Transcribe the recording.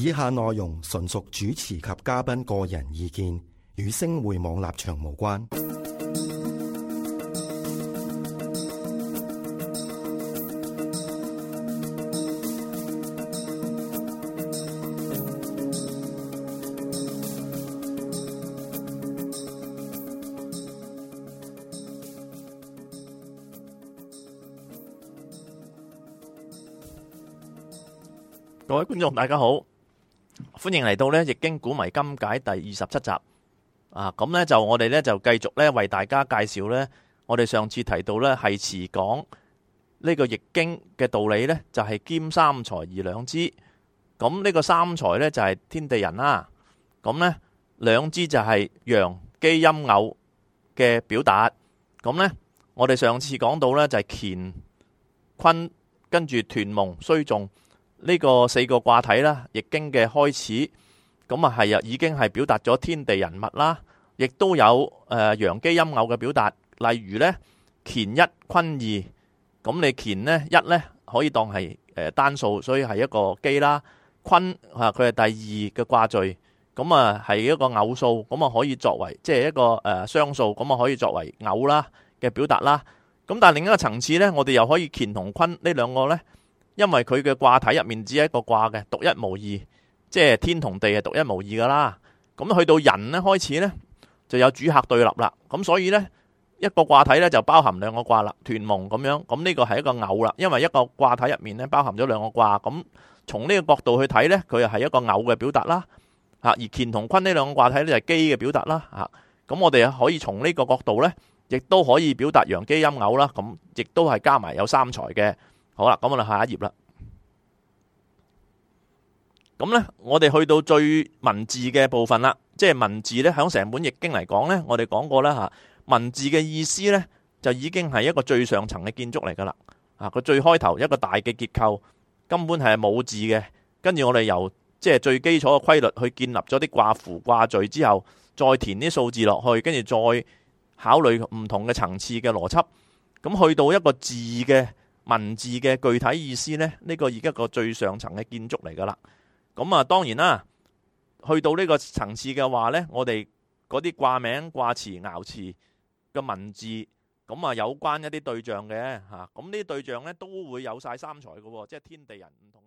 以下內容純屬主持及嘉賓個人意見，與星匯網立場無關。各位觀眾，大家好。歡迎嚟到呢《易經古謎今解》第二十七集啊！咁呢就我哋呢，就繼續呢為大家介紹呢。我哋上次提到呢繫辭講呢個《易經》嘅道理呢、就是，就係兼三才而兩支。咁呢個三才呢，就係天地人啦。咁呢兩支就係陽基陰偶嘅表達。咁呢，我哋上次講到呢，就係乾、坤，跟住屯、蒙、需、訟。呢個四個卦體啦，易經嘅開始，咁啊係啊已經係表達咗天地人物啦，亦都有誒陽奇陰偶嘅表達。例如咧，乾一坤二，咁你乾咧一咧可以當係誒單數，所以係一個奇啦。坤啊，佢係第二嘅卦序，咁啊係一個偶數，咁啊可以作為即係一個誒雙數，咁啊可以作為偶啦嘅表達啦。咁但係另一個層次咧，我哋又可以乾同坤呢兩個咧，因為佢嘅卦體入面只係一個卦嘅，獨一無二，即係天同地係獨一無二噶啦。咁去到人咧，開始呢，就有主客對立啦。咁所以呢，一個卦體呢就包含兩個卦啦，屯蒙咁樣。咁呢個係一個偶啦，因為一個卦體入面咧包含咗兩個卦。咁從呢個角度去睇呢，佢又係一個偶嘅表達啦。吓，而乾同坤呢兩個卦體就係基嘅表達啦。吓，咁我哋可以從呢個角度呢，亦都可以表達陽基陰偶啦。咁亦都係加埋有三才嘅。好啦，咁我哋下一頁啦。咁呢，我哋去到最文字嘅部分啦，即係文字呢，響成本易經嚟講呢，我哋講過啦吓。文字嘅意思呢，就已經係一個最上層嘅建築嚟㗎啦。啊，個最開頭一個大嘅結構，根本係冇字嘅。跟住我哋由即係、就是、最基礎嘅規律去建立咗啲卦符卦序之後，再填啲數字落去，跟住再考慮唔同嘅層次嘅邏輯。咁去到一個字嘅。文字嘅具體意思咧，呢個而家個最上層嘅建築嚟噶啦。咁啊，當然啦，去到呢個層次嘅話咧，我哋啲卦名、卦詞、爻詞嘅文字，咁啊有關一啲對象嘅吓，咁呢啲對象咧都會有曬三才嘅喎，即係天地人唔同。